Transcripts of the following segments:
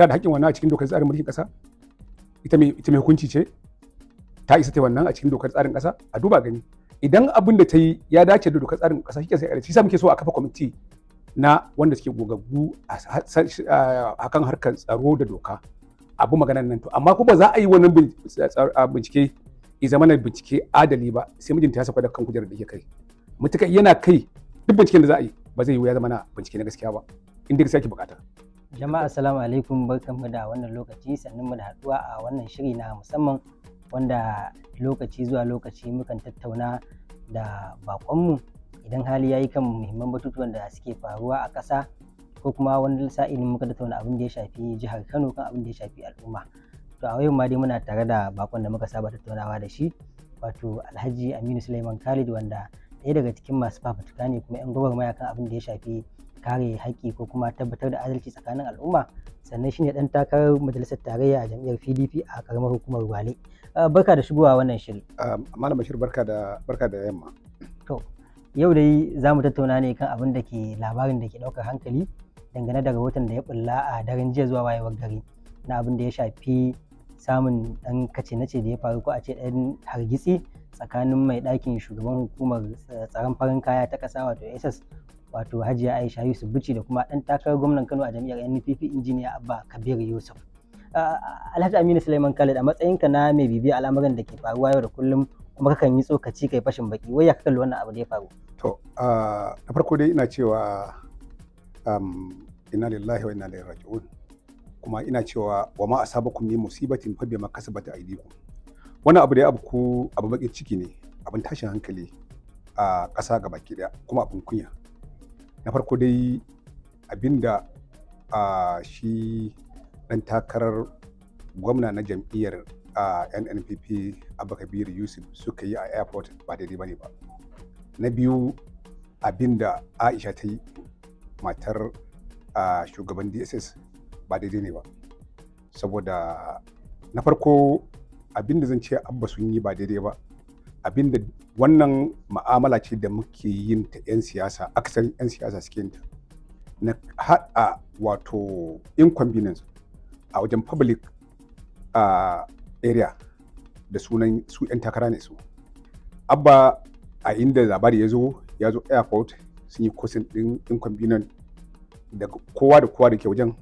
ta da haƙƙin wannan a cikin dokar tsarin mulkin ƙasa ita mai hukunci ce ta isa ta wannan a cikin dokar tsarin ƙasa a duba gani idan abin da ta yi ya dace da dokar tsarin ƙasa shike sai a shi sa muke so a kafa kwamiti na wanda suke gogaggu a kan harkar tsaro da doka abu maganan nan to amma ko ba za a yi wannan bincike i zama na bincike adali ba sai mijinta ya saka da kan kujerar da yake kai mutuka yana kai duk binciken da za a yi ba zai yi ya zama na bincike na gaskiya ba inda gaskiya ke bukata Jama'a assalamu alaikum mu da wannan lokaci sannan mu da haduwa a wannan shiri na musamman wanda lokaci zuwa lokaci mukan tattauna da bakonmu idan hali ya yi kan muhimman batutuwan da suke faruwa a ƙasa ko kuma wani sa'ilin muka tattauna abin da ya shafi jihar Kano kan abin da ya shafi al'umma. To a yau ma dai muna tare da bakon da muka saba tattaunawa da shi wato Alhaji Aminu Suleiman Khalid wanda ɗaya daga cikin masu fafutuka ne kuma 'yan gwagwarmaya kan abin da ya shafi kare haƙƙi ko kuma tabbatar da adalci tsakanin al'umma sannan shine dan takarar majalisar tarayya a jam'iyyar PDP a karamar hukumar Wale ah, barka da shigowa wannan shiri ah, malam Bashir barka da barka da yamma to yau dai za mu tattauna ne kan abin da ke labarin da ke ɗaukar hankali dangane da rahoton da ya bulla a daren jiya zuwa wayewar gari na abin da ya shafi samun ɗan kace nace da ya faru ko a ce ɗan hargitsi tsakanin mai ɗakin shugaban hukumar eh, tsaron farin kaya ta ƙasa wato ss wato hajiya aisha yusuf bici da kuma ɗan takarar gwamnan kano a jami'ar npp injiniya abba kabir yusuf alhaji aminu suleiman khalid a matsayinka na mai bibiya al'amuran da ke faruwa yau da kullum kuma kakan yi tsokaci kai fashin baki wai ya kakalli wannan abu da ya faru to na farko dai ina cewa um, inna lillahi wa inna ilaihi raji'un kuma ina cewa wa ma asabakum min musibatin fa bima kasabat aydikum wannan abu da ya abu ku abu baki ciki ne abin tashin hankali a ƙasa gaba ki daya kuma abin kunya na farko dai abinda a shi ɗan takarar gwamna na jam'iyyar a nnpp Kabiru yusuf suka yi a airport ba daidai ba ne ba na biyu abinda aisha ta yi matar a shugaban dss ba daidai ne ba saboda na farko abinda zan ce abba sun yi ba daidai ba abinda wannan ma'amala ce da muke yin ta 'yan siyasa akasarin 'yan siyasa suke ta na haɗa wato inconvenience a wajen public uh, area da sunan su 'yan takara ne su abba a inda labari ya zo ya zo airport sun yi kusan ɗin inconvenience da kowa da kowa da ke wajen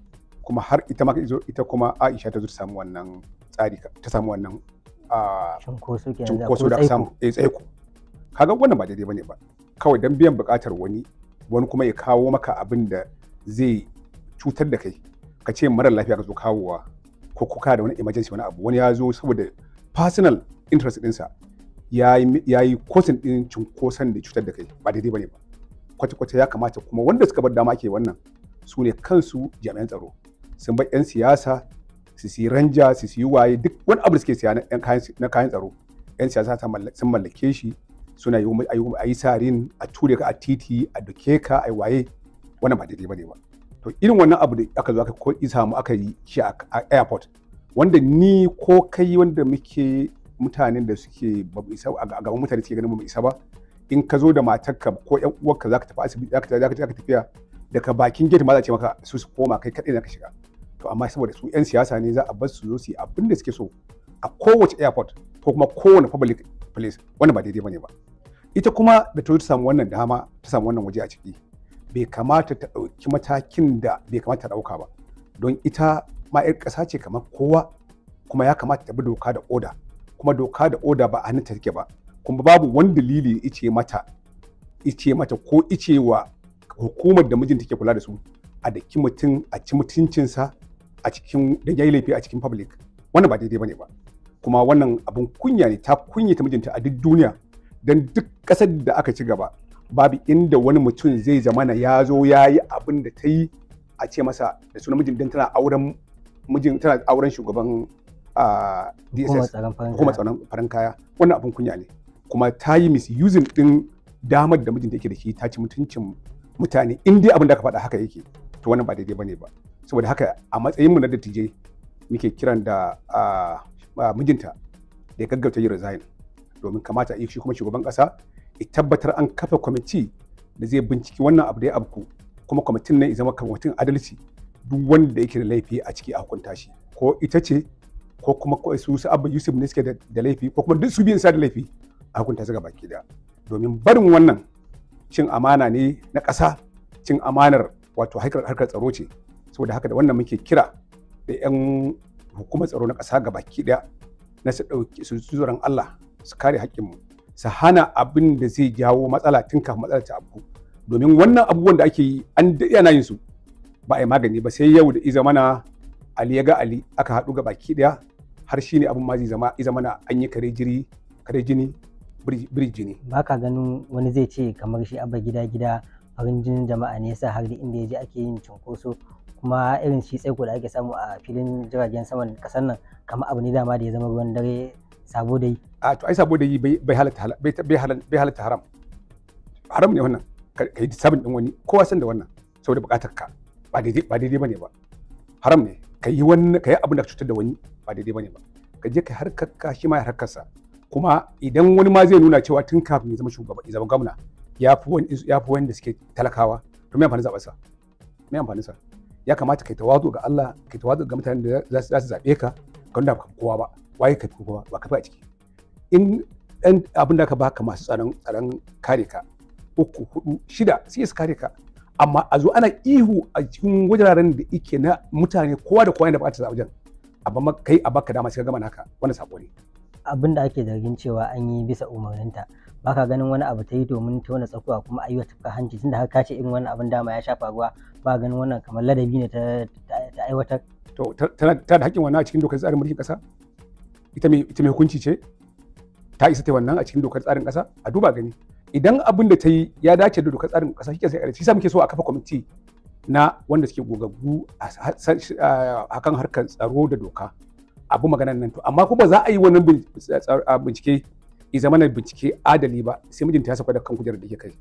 kuma har ita ma ita kuma aisha ta zo ta samu wannan tsari ta samu wannan cunkoso da aka samu eh, kaga wannan ba daidai bane ba kawai dan biyan buƙatar wani wani kuma ya kawo maka abin da zai cutar da kai ka ce marar lafiya ka zo kawowa ko kuka da wani emergency wani abu wani ya zo saboda personal interest ɗinsa ya yi kosin ɗin cunkoson da cutar da kai ba daidai bane ba kwata-kwata ya kamata kuma wanda suka bar dama ke wannan su ne kansu jami'an tsaro sun bar 'yan siyasa su ranja su siyi waye duk wani abu da suke siya na kayan tsaro yan siyasa sun mallake shi suna yi a yi sarin a ture ka a titi a duke ka a waye wani ba daidai bane ba to irin wannan abu da aka zo aka ko isa mu aka yi shi a airport wanda ni ko kai wanda muke mutanen da suke ba mu isa a gaban mutane suke ganin ba mu isa ba in ka zo da matarka ko yan uwarka zaka tafi asibiti zaka tafi zaka tafiya daga bakin gate ma za ce maka su su koma kai kadai zaka shiga to amma saboda su 'yan siyasa ne za a bar su zo su yi abin da suke so a kowace airport ko kuma kowane public place wanda ba daidai bane ba ita kuma da ta samu wannan dama ta samu wannan waje a ciki bai kamata ta dauki matakin da bai kamata ta ɗauka ba don ita ma 'yar ƙasa ce kamar kowa kuma ya kamata ta bi doka da oda kuma doka da oda ba a hannunta take ba kuma babu wani dalili ice mata ice mata ko ice wa hukumar da mijin take kula da su a daki mutum a ci mutuncinsa a cikin da ya yi laifi a cikin public wannan ba daidai bane ba kuma wannan abin kunya ne ta kunyata mijinta a duk duniya don duk ƙasar da aka ci gaba babu inda wani mutum zai zamana ya zo ya yi abin da ta yi a ce masa da suna mijin don tana auren mijin tana auren shugaban DSS kuma tsaron farin kaya wannan abin kunya ne kuma ta yi misusing din damar da mijinta yake da shi ta ci mutuncin mutane in dai abin da aka faɗa haka yake to wannan ba daidai bane ba saboda haka a matsayinmu na dattijai muke kiran da mijinta da ya gaggauta yi resign domin kamata a yi shi kuma shugaban kasa ya tabbatar an kafa kwamiti da zai binciki wannan abu da ya abku kuma kwamitin nan ya zama kwamitin adalci duk wanda yake da laifi a ciki a hukunta shi ko ita ce ko kuma su su abu yusuf ne suke da laifi ko kuma duk su biyan sa da laifi a hukunta su gaba da domin barin wannan cin amana ne na ƙasa cin amanar wato harkar tsaro ce saboda haka da wannan muke kira da 'yan hukumar tsaro na ƙasa ga baki ɗaya na su ɗauki su tsoron Allah su kare hakkin mu su hana abin da zai jawo matsala tun kafin matsala ta abu domin wannan abubuwan da ake yi an daɗe ana yin su ba a yi magani ba sai yau da iza mana Ali ya ga Ali aka haɗu ga baki ɗaya har shi ne abin ma zai zama iza mana an yi kare jiri kare jini birji ne. Ba ka ganin wani zai ce kamar shi abba gida gida farin jinin jama'a ne yasa har da inda ya je ake yin cunkoso kuma irin shi tsaiko da ake samu a filin jiragen saman kasar nan kamar abu ne dama da ya zama ruwan dare sabo da yi a to ai sabo da yi bai halatta bai haram haram ne wannan ka yi sabon din wani kowa san da wannan saboda bukatar ka ba daidai ba daidai bane ba haram ne ka yi wani ka yi abin da cutar da wani ba daidai bane ba ka je ka harkar ka shi ma ya harkar sa kuma idan wani ma zai nuna cewa tun kafin ya zama shugaba ya zama gwamna ya fi wanda suke talakawa to me amfanin zaɓarsa me amfanin sa ya kamata kai tawazu ga Allah kai tawazu ga mutanen da za su zabe ka ka nuna kowa ba waye ka fi kowa ba ka fi a ciki in dan abin da ka baka masu tsaron tsaron kare ka uku hudu shida sai su kare ka amma a zo ana ihu a cikin wajen da yake na mutane kowa da kowa yana bukatar a wajen amma kai a baka dama sai ka gama naka wannan sako ne abin da ake zargin cewa an yi bisa umarninta baka ganin wani abu ta yi domin tona tsakuwa kuma ayyuka ta hanci tunda har ka ce irin wannan abin dama ya shafa ruwa ba ganin wannan kamar ladabi ne ta aiwatar to ta da hakkin wannan a cikin dokar tsarin mulkin kasa ita mai ita mai hukunci ce ta isa ta wannan a cikin dokar tsarin kasa a duba gani idan abin da ta yi ya dace da dokar tsarin kasa shike sai a shi sa muke so a kafa kwamiti na wanda suke gogaggu a kan harkar tsaro da doka abu magana nan to amma ba za a yi wannan bincike i zama na bincike adali ba sai mijinta ya saka da kan kujerar da ke kai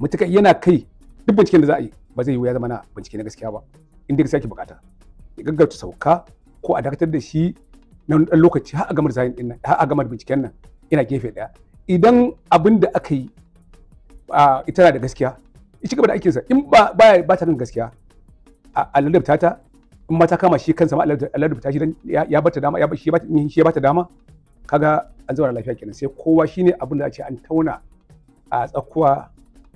mutuka yana kai duk binciken da za a yi ba zai yi ya zama na bincike na gaskiya ba inda gaskiya ke bukata ya gaggauta sauka ko a dakatar da shi na wani lokaci har a gama zayin din nan har a gama binciken nan ina gefe daya idan abin da aka yi ita na da gaskiya ya ci gaba da aikinsa in ba ba ta kan gaskiya a lalabta ta in ma ta kama shi kansa ma a lalabta shi ya bata dama ya shi ya bata dama kaga an zauna lafiya kenan sai kowa shine abin da a ce an tauna a tsakuwa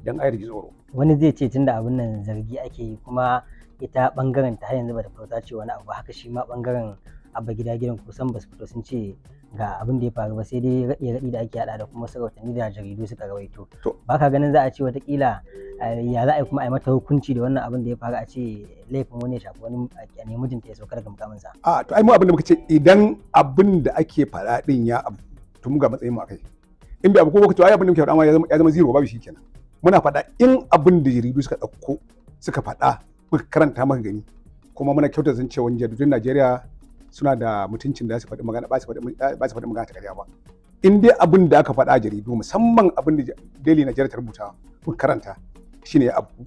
dan ayar ji tsoro wani zai ce tunda abin nan zargi ake yi kuma ita bangaren ta har yanzu bata fito ce wani abu haka shi ma bangaren abba gida gidan kusan basu fito sun ce ga abin da ya faru ba sai dai raɗi raɗi da ake haɗa da kuma sarautanni da jaridu suka rawaito ba ka ganin za a ce watakila eh, ya za a yi kuma a yi mata hukunci da wannan abin da ya faru a ce laifin wani ya shafi wani a ne mijinta ya sauka daga mukaminsa. a to ai mu abin da muka ce idan abin da ake faɗa ɗin ya abu to mu ga matsayin mu akai in bai abu ko ko to ai abin da muke faɗa ya zama zero babu shi kenan muna faɗa in abin da jaridu suka ɗauko suka faɗa muka karanta maka gani kuma muna kyautar zan cewa jaridun Najeriya suna da mutuncin da su faɗi magana ba su faɗi magana ta ƙarya ba in dai abin da aka faɗa jaridu musamman abin da Daily Najeriya ta rubuta muka karanta shine ya abu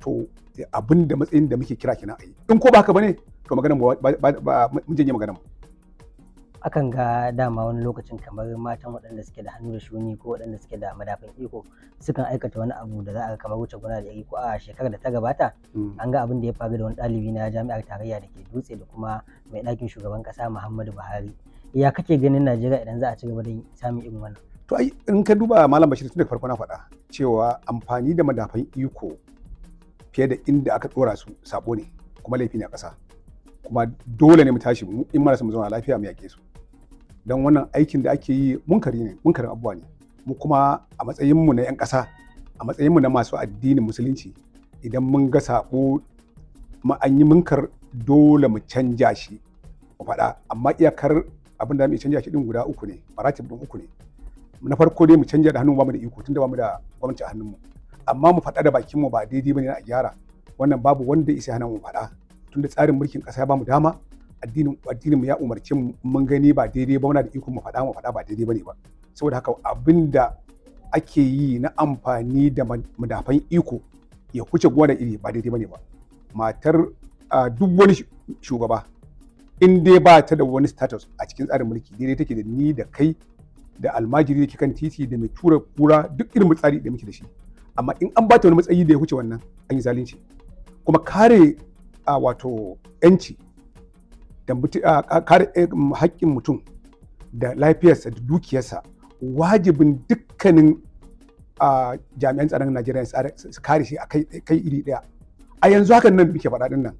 to abin da matsayin da muke kira kina a yi in ko ba haka bane to maganar mu mun janye maganar mu akan ga dama wani lokacin kamar matan waɗanda suke da hannu da shuni ko waɗanda suke da madafin iko sukan aikata wani abu da za a kamar wuce gona da iko a shekarar da ta gabata hmm. an ga abin da ya faru da wani ɗalibi na jami'ar tarayya da ke dutse da kuma mai ɗakin shugaban ƙasa muhammadu buhari ya kake ganin najeriya idan za a ci gaba da samun irin wannan to ai in ka duba malam bashir tun daga farko na faɗa cewa amfani da madafan iko fiye da inda aka ɗora su sabo ne kuma laifi ne a ƙasa kuma dole ne mu tashi in marasa mu zauna lafiya mu yaƙe su don wannan aikin da ake yi munkari ne munkarin abuwa ne mu kuma a matsayinmu na 'yan ƙasa a matsayinmu na masu addinin musulunci idan mun ga saƙo ma an yi munkar dole mu canja shi mu faɗa amma iyakar abin da mu canja shi din guda uku ne maratib din uku ne na farko dai mu canja da hannun ba mu da iko tunda ba mu da gwamnati a hannunmu amma mu faɗa da bakinmu ba daidai bane na a gyara wannan babu wanda isa hana mu faɗa tunda tsarin mulkin ƙasa ya ba mu dama addinin addinin ya umarce mu mun gani ba daidai ba muna da iko mu faɗa mu faɗa ba daidai bane ba saboda haka abin da ake yi na amfani da madafan iko ya kuce gwada iri ba daidai bane ba matar duk wani shugaba in dai ba ta da wani status a cikin tsarin mulki daidai take da ni da kai da almajiri da kan titi da mai tura kura duk irin mutsari da muke da shi amma in an ba ta wani matsayi da ya huce wannan an yi zalunci kuma kare a wato yanci kare eh, haƙƙin mutum da lafiyarsa da dukiyarsa wajibin dukkanin jami'an tsaron Najeriya su kare shi a kai iri ɗaya. A yanzu hakan nan muke faɗa nan.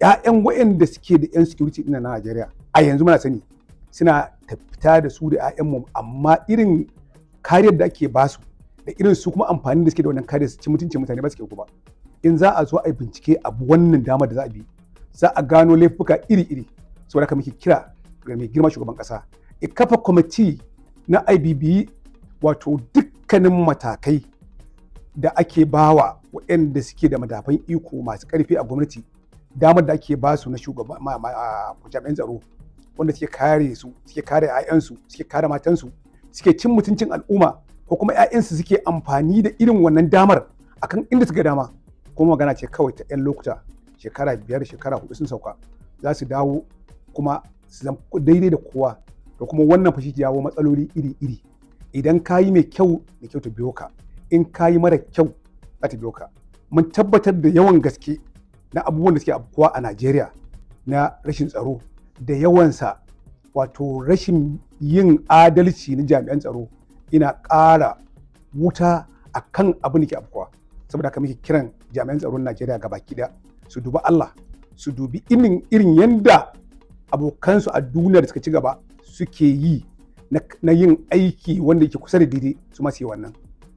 'Ya'yan da suke da 'yan security ɗin na Najeriya a yanzu muna sani suna fita da su da 'ya'yan 'ya'yanmu amma irin kariyar da ake su da irin su kuma amfani da suke da wannan kariyar su ci mutuncin mutane ba su ke ba. In za a zo a yi bincike abu wannan dama da za a bi za a gano laifuka iri-iri saboda haka muke kira ga mai girma shugaban kasa E kafa kwamiti na IBB wato dukkanin matakai da ake bawa waɗanda suke da madafan iko masu ƙarfi a gwamnati damar da ake ba su na shugaban jami'an tsaro wanda suke kare su suke kare 'ya'yansu suke kare matansu suke cin mutuncin al'umma ko kuma 'ya'yansu suke amfani da irin wannan damar akan inda suka dama kuma magana ce kawai ta 'yan lokuta shekara biyar shekara hudu sun sauka za su dawo kuma daidai da kowa da kuma wannan fashi jawo matsaloli iri-iri idan ka yi mai kyau mai kyau ta biyo ka in ka yi mara kyau za ta biyo ka mun tabbatar da yawan gaske na abubuwan da suke abubuwa a najeriya na rashin tsaro da yawansa wato rashin yin adalci na jami'an tsaro ina ƙara wuta a kan abin da ke abubuwa saboda ka muke kiran jami'an tsaron najeriya gaba ɗaya su dubi allah su dubi irin yadda abokansu a duniyar da suka ci gaba suke yi na yin aiki wanda yake kusa da daidai su masu yi wannan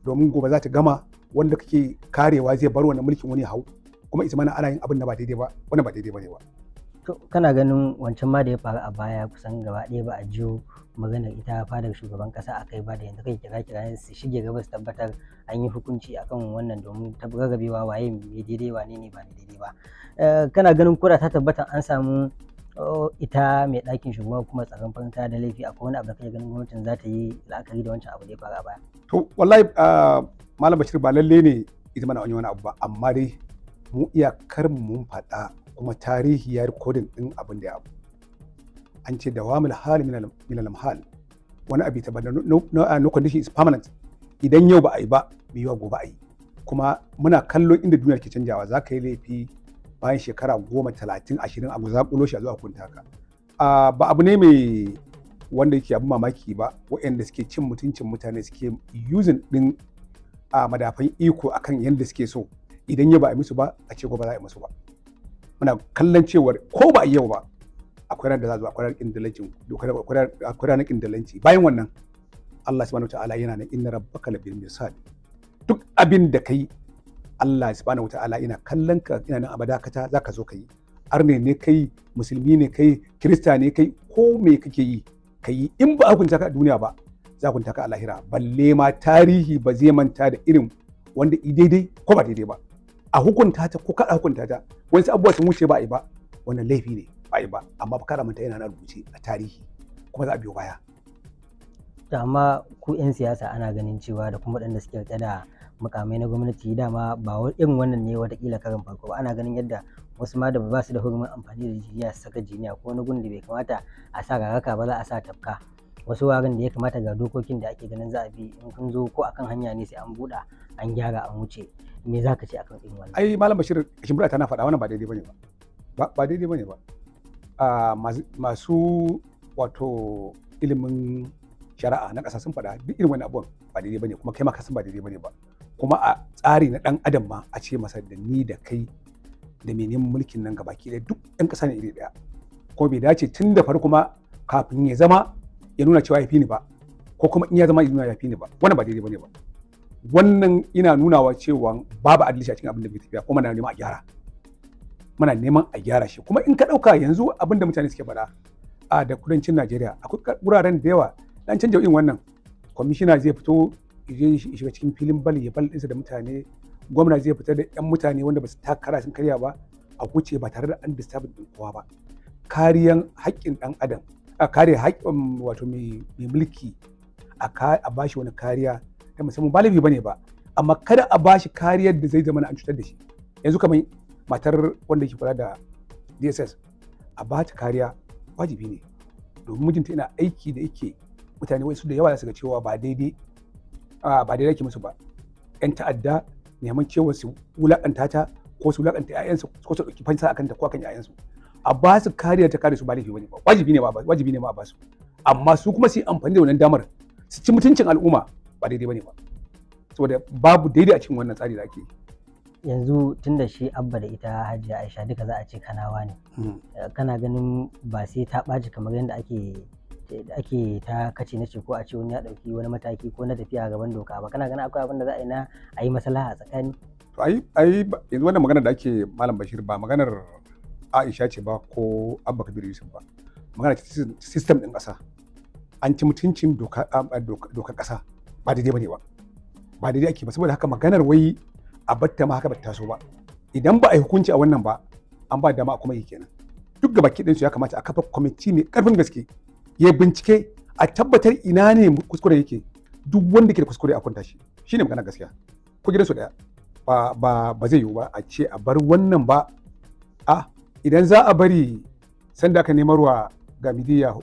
domin gobe za ta gama wanda kake karewa zai bar wannan mulkin wani hau kuma ita mana ana yin abin da ba daidai ba wani ba daidai ba ne ba kana ganin wancan ma da ya faru a baya kusan gaba ɗaya ba a jiyo maganar ita fadar shugaban kasa a kai ba da yanzu kai kira kira su shige gaba su tabbatar an yi hukunci akan wannan domin rarrabewa waye mai daidai ba ne ne ba daidai ba eh, kana ganin kura ta tabbatar an samu ita mai ɗakin shugaba kuma tsaron fanta da laifi akwai wani abu da kai ganin gwamnatin za ta yi la'akari da wancan abu da ya faru a baya. To wallahi ah, Malam Bashir ba lalle ne ita mana wani abu ba amma dai mu iyakar mu faɗa kuma tarihi ya rikodin ɗin abin da ya abu. An ce da wamil hali min al wani abu ta ah, no condition is permanent idan yau ba a yi ba mai gobe a yi kuma muna kallo inda duniya ke canjawa za ka yi laifi bayan shekara goma talatin ashirin a zaƙulo shi a zuwa kunta ka ba abu ne mai wanda yake abin mamaki ba waɗanda suke cin mutuncin mutane suke using ɗin a madafan iko akan yadda suke so idan ya ba a musu ba a ce ba za a musu ba muna kallon cewar ko ba a yau ba akwai ranar da za a zo akwai ranar kindalancin akwai ranar kindalanci bayan wannan Allah subhanahu wa ta'ala yana nan inna rabbaka labil duk abin da kai Allah subhanahu wata'ala ina kallon ka ina nan abada kata zaka zo ka yi arne ne kai musulmi ne kai kirista ne kai ko me kake yi ka in ba hukunta ka a duniya ba za hukunta ka a lahira balle ma tarihi ba zai manta da irin wanda i daidai ko ba daidai ba a hukunta ta ko kada hukunta ta wani abubuwa sun wuce ba a yi ba wannan laifi ne ba a yi ba amma ba kada manta yana na rubuce a tarihi kuma za a biyo baya. amma ku 'yan siyasa ana ganin cewa da kuma waɗanda suke da mukamai na gwamnati dama ba irin wannan ne watakila karin farko ba ana ganin yadda wasu ma da ba su da hurumin amfani da jiniya su saka jiniya ko wani gun da bai kamata a sa raraka ba za a sa tafka wasu wurin da ya kamata ga dokokin da ake ganin za a bi in kun zo ko akan hanya ne sai an buɗa an gyara an wuce me za ka ce akan irin wannan ai malam bashir shimbiɗa tana faɗa wannan ba daidai bane ba ba daidai bane ba masu wato ilimin shari'a na ƙasa sun faɗa duk irin wani abubuwan ba daidai bane kuma kai ma ka san ba daidai bane ba kuma a tsari na ɗan adam ma a ce masa da ni da kai da mai mulkin nan gabaki ɗaya duk ɗan ƙasa ne iri ɗaya ko bai dace tun da farko ma kafin ya zama ya nuna cewa ya fi ni ba ko kuma in ya zama ya nuna ya fi ni ba wannan ba daidai bane ba wannan ina nunawa cewa babu adalci a cikin abin da bai tafiya kuma na neman a gyara muna neman a gyara shi kuma in ka ɗauka yanzu abin da mutane suke faɗa a da kudancin Najeriya akwai wuraren da yawa dan canja irin wannan kwamishina zai fito je shiga cikin filin bal ya bal ɗinsa da mutane gwamna zai fitar da 'yan mutane wanda ba su takara sun karya ba a kuce ba tare da an disturb ɗin kowa ba kariyan haƙƙin ɗan adam a kare haƙƙin wato mai mulki a bashi wani kariya ta musamman ba laifi bane ba amma kada a bashi kariyar da zai zama an cutar da shi yanzu kamar matar wanda ke kula da dss a ba ta kariya wajibi ne domin mijinta ina aiki da yake mutane wasu da yawa za su ga cewa ba daidai ba daidai ke musu ba yan ta'adda neman cewa su wulakanta ta ko su wulakanta ƴaƴansu ko su ɗauki fansa akan ta ko akan ƴaƴansu a ba su kariya ta kare su ba laifi bane ba wajibi ne ba wajibi ne ma a ba su amma su kuma su yi amfani da wannan damar su ci mutuncin al'umma ba daidai bane ba saboda babu daidai a cikin wannan tsari da ake yanzu tun da shi abba da ita hajiya aisha duka za a ce kanawa ne hmm. kana ganin ba sai ta ɓaci kamar yadda ake ake ta kace na ce ko a ce wani ya ɗauki wani mataki ko na tafiya gaban doka ba kana ganin akwai abin da za a yi na a yi maslaha a tsakani to ai ai yanzu wannan magana da ake malam bashir ba maganar aisha ce ba ko abba kabir yusuf ba magana ce system din ƙasa an ci mutuncin doka doka ba daidai bane ba ba daidai ake ba saboda haka maganar wai a batta ma haka ba taso ba idan ba a yi hukunci a wannan ba an ba dama a kuma yi kenan duk gaba su ya kamata a kafa kwamiti mai ƙarfin gaske ya bincike a tabbatar ina ne kuskure yake duk wanda ke da kuskure a kwanta shi shi ne magana gaskiya ko su daya ba ba zai yiwu ba a ce a bar wannan ba a idan za a bari sanda aka nemarwa ga midiya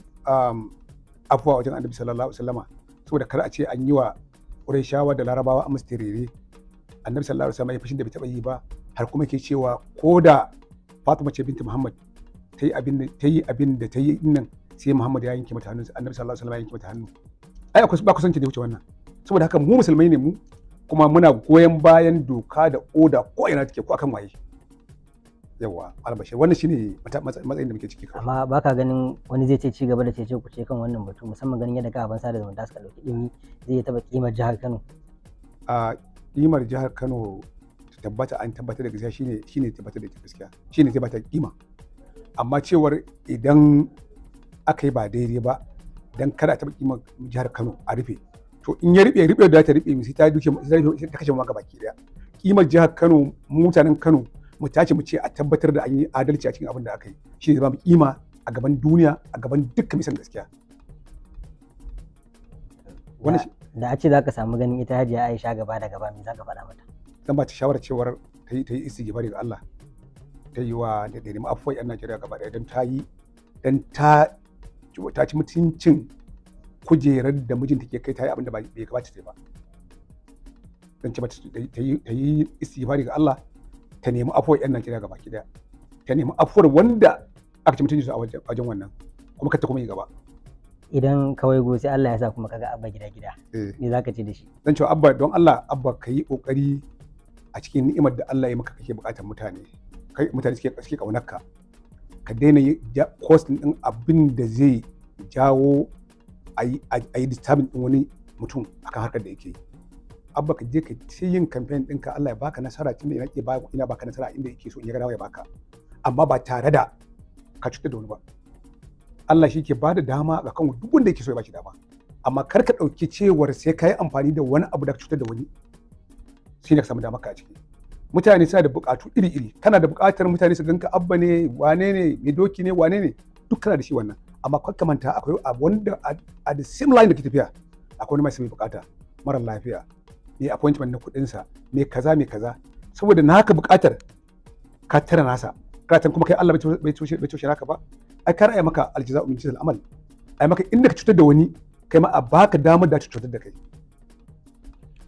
afuwa wajen annabi sallallahu alaihi wasallama saboda kar a ce an yi wa shawa da larabawa a mustirere annabi sallallahu alaihi wasallama ya fashin da bai taba yi ba har kuma ke cewa ko da fatima ce binta muhammad ta abin ta yi abin da ta yi nan sai Muhammad ya yanke mata hannu Annabi sallallahu alaihi wasallam ya yanke mata hannu ai akwai ba kusanci da wuce wannan saboda haka mu musulmai ne mu kuma muna goyon bayan doka da oda ko ina take ko akan waye yawa albashir wannan shine matsayin da muke ciki amma baka ganin wani zai ce gaba da cece ku ce kan wannan batu musamman ganin yadda ka kafafen sada zamanta suka dauki dimi zai taba kimar jihar Kano a kimar jihar Kano tabbata an tabbata da gaskiya shine shine tabbata da gaskiya shine tabbata kima amma cewar idan aka yi ba daidai ba dan kada ta kima jihar Kano a rufe to in ya rufe rufe da ta rufe sai ta duke sai ta kashe mu gabaki daya kimar jihar Kano mutanen Kano mu tace mu ce a tabbatar da an yi adalci a cikin abin da aka yi shi ne ba mu kima a gaban duniya a gaban dukkan misan gaskiya da a ce za ka samu ganin ita hajiya aisha gaba da gaba me za ka faɗa mata zan ba ta shawarar cewar ta yi ta yi istighfari ga Allah ta yi wa da dare afuwa yan Najeriya gaba daya. don ta yi dan ta ta ci mutuncin kujerar da mijinta ke kai ta yi abin da bai kamata ta yi ba don ce ta yi istighfari ga Allah ta nemi afuwar yan Najeriya gaba ki daya ta nemi afuwar wanda aka ci mutuncin su a wajen wannan kuma ka ta kuma yi gaba idan kawai go sai Allah ya sa kuma kaga abba gida gida eh. me zaka ce da shi dan cewa abba don Allah abba ka yi kokari a cikin ni'imar da Allah ya maka kake bukatar mutane kai mutane suke suke ka ka daina posting din abin da zai jawo a yi disturbing din wani mutum akan harkar da yake abba ka je ka ci yin campaign ka Allah ya baka nasara tunda ina ke baka ina baka nasara inda yake so in ya ga ya baka amma ba tare da ka cutar da wani ba Allah shi ke ba da dama ga kan duk wanda yake so ya baki dama amma kar ka ɗauki cewar sai ka yi amfani da wani abu da ka cutar da wani shi ne ka samu dama ka a ciki mutane suna da bukatu iri-iri kana da bukatar mutane su ganka abba ne wane ne mai doki ne wane ne duk kana da shi wannan amma kwakka manta akwai wanda a the same line da ke tafiya akwai wani mai sami bukata mara lafiya mai appointment na kudinsa mai kaza mai kaza saboda na haka bukatar ka tara nasa karatun kuma kai Allah bai toshe naka ba ai kar ai maka aljiza min jizal amal ai maka inda ka cutar da wani kai ma a baka damar da cutar da kai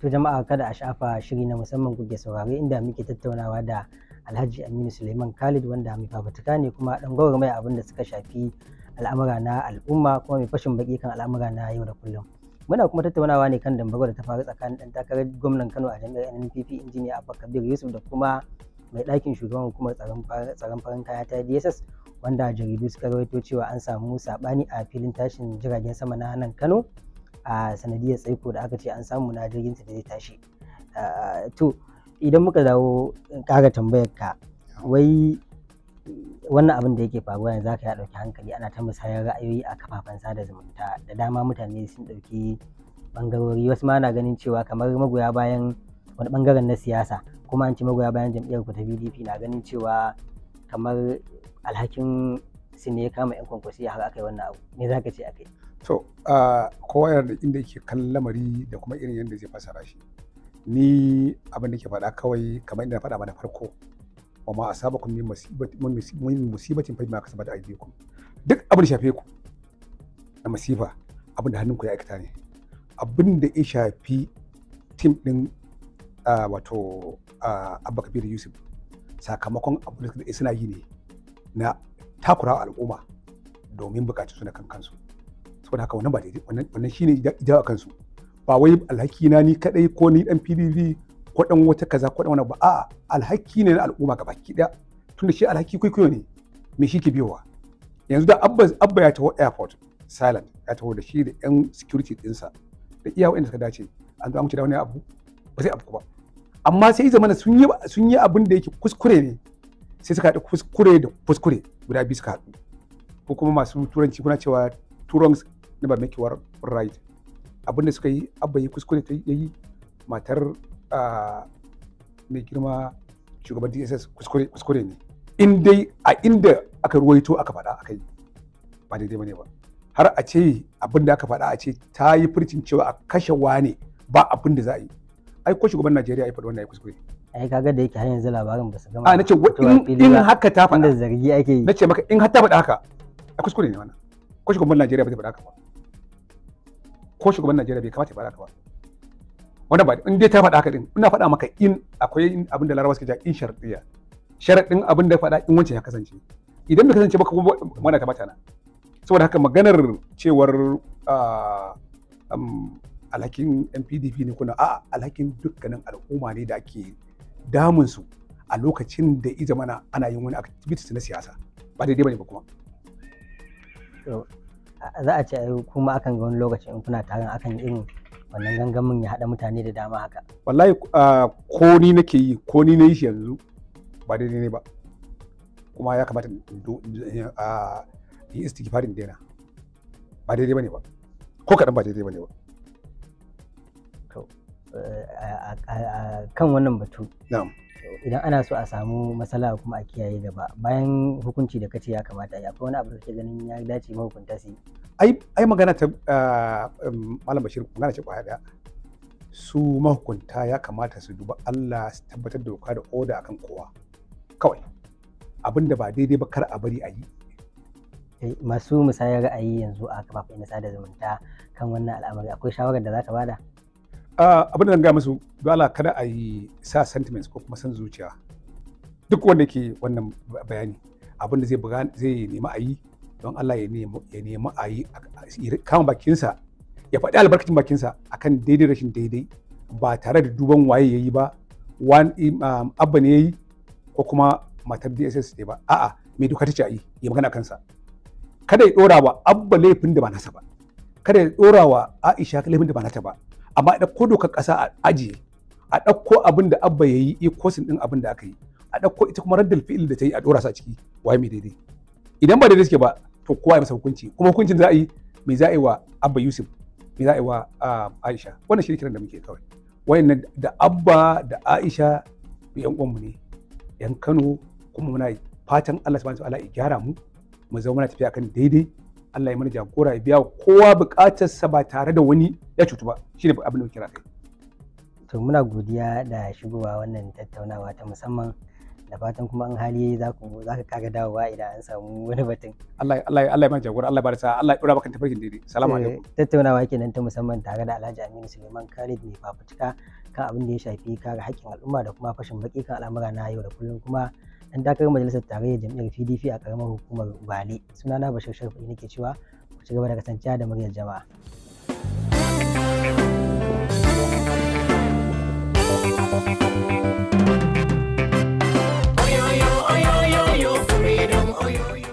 To jama'a kada a shafa shiri na musamman kuke saurare inda muke tattaunawa da Alhaji Aminu Suleiman Khalid wanda mai fafutuka ne kuma dan mai abin da suka shafi al'amura na al'umma kuma mai fashin baki kan al'amura na yau da kullum. Muna kuma tattaunawa ne kan dambaro da ta faru tsakanin dan takarar gwamnan Kano a jami'ar NPP injiniya Abba Kabir Yusuf da kuma mai ɗakin shugaban hukumar tsaron farin kaya ta DSS wanda jaridu suka rawaito cewa an samu saɓani a filin tashin jiragen sama na nan Kano. a sanadiyar tsaiko da aka ce an samu na jirgin ta da zai tashi to idan muka dawo kara tambayar ka wai wannan abin da yake faruwa yanzu ka ya ɗauki hankali ana ta musayar ra'ayoyi a kafafen sada zumunta da dama mutane sun ɗauki bangarori wasu ma na ganin cewa kamar magoya bayan wani bangaren na siyasa kuma an ce magoya bayan jam'iyyar ku ta pdp na ganin cewa kamar alhakin su ne ya kama 'yan kwankwasi har aka yi wannan abu me za ka ce a kai to kowa yana da inda yake kan lamari da kuma irin yadda zai fasara shi ni abinda da ke faɗa kawai kamar inda na faɗa mana farko wa ma asabakum min musibatin fa da kasabat aydikum duk abin da shafe ku na masifa abin da hannunku ya aikata ne abin da ya shafi tim din wato abba kabiru yusuf sakamakon abin da suna yi ne na takurawa al'umma domin bukatu suna kan kankansu saboda haka wannan ba daidai wannan shine kansu ba wai alhaki na ni kadai ko ni dan PDP ko dan wata kaza ko dan wani ba a'a alhaki ne na al'umma gabaki daya tunda shi alhaki kwaikwayo ne me shi ke biyowa yanzu da abba abba ya taho airport silent ya taho da shi da yan security dinsa da iya wa'anda suka dace an zo an wuce da wani abu ba sai abu ba amma sai zamana sun yi sun yi abin da yake kuskure ne sai suka haɗa kuskure da kuskure guda biyu suka haɗu ko kuma masu turanci kuna cewa turanci. never make your right abin da suka yi abba yi kuskure ta yi matar mai girma shugaban dss kuskure ne in dai a inda aka ruwaito aka faɗa aka yi ba daidai ba ne ba har a ce abin da aka faɗa a ce ta yi furcin cewa a kashe wane ba abin da za a yi ai ko shugaban najeriya ya faɗi wannan ya kuskure ai kaga da yake har yanzu labarin ba su gama a nace in haka ta faɗa zargi ake yi nace maka in har ta faɗa haka a kuskure ne wannan ko shugaban najeriya ba ta faɗa haka ba ko shugaban Najeriya bai kamata ya faɗa ba wannan ba in dai ta faɗa haka din ina faɗa maka in akwai abin da Larabawa suke cewa in shartiya sharadin abin da faɗa in wancan ya kasance idan bai kasance ba kuma mana ta bata na saboda haka maganar cewar ah, alhakin NPDP ne kuna a'a alhakin dukkanin al'umma ne da ake damun su a lokacin da i zamana ana yin wani activities na siyasa ba daidai bane ba kuma za a ce kuma akan ga wani lokaci in kuna taron akan irin wannan gangamin ya haɗa mutane da dama haka wallahi ko ni nake yi ko ni na yi shi yanzu ba daidai ne ba kuma ya kamata in yi istighfarin daina ba daidai ba ne ba ko kaɗan ba daidai ba ne ba kan wannan batu idan ana so a samu matsala kuma a kiyaye gaba bayan hukunci da kace ya kamata ya akwai wani abu da kake ganin ya dace mahukunta su ai ai magana ta um, malam bashir magana ce kwaya daya su mahukunta ya kamata su duba Allah su tabbatar da doka da oda akan kowa kawai abin da ba daidai ba kar a bari a yi eh, masu musayar ra'ayi yanzu a kafafen sada zumunta kan wannan al'amari akwai shawarar da za ka bada Ah, abin da zan gaya musu dole kada a yi sa sentiments ko kuma san zuciya duk wanda ke wannan bayani abin da zai nemi a yi don Allah ya nemi a yi kama bakinsa ya faɗi albarkacin bakinsa akan daidai rashin daidai ba tare da duban waye ya yi ba abba ne ya yi ko kuma matar dss ne ba a'a mai doka ta ce a yi ya magana kansa kada ya ɗora wa abba laifin da ba nasa ba kada ya ɗora wa aisha laifin da ba nata ba amma ɗauko doka ƙasa a ajiye a ɗauko abin da abba ya yi sin ɗin abin da aka yi a ɗauko ita kuma raddar fi'il da ta yi a ɗora sa ciki waye mai daidai idan ba daidai suke ba to kowa ya masa hukunci kuma hukuncin za a yi me za a yi wa abba yusuf me za a yi wa ah, aisha wannan shi kiran da muke kawai wayannan da abba da aisha da yan uwanmu ne yan kano kuma muna fatan allah subhanahu wa ta'ala ya gyara mu mu zama muna tafiya kan daidai Allah ya mana jagora ya biya kowa bukatarsa ba tare da wani ya cutu ba ne abin da kira kai to muna godiya da shigowa wannan tattaunawa ta musamman da fatan kuma an hali za ku za ka kaga dawowa idan an samu wani batun Allah Allah Allah ya mana jagora Allah ya bada Allah ya dora maka tafarkin daidai salamu eh, alaikum tattaunawa kenan ta musamman tare da Alhaji Aminu Suleiman Khalid mai fafutuka kan abin da ya shafi kare haƙƙin al'umma da kuma fashin baki kan al'amura na yau da kullum kuma dan takarar majalisar tarayyar jam'iyyar pdp a karamar hukumar bale sunana bashir ne nake cewa ku ci gaba da kasancewa da muryar jama'a Freedom,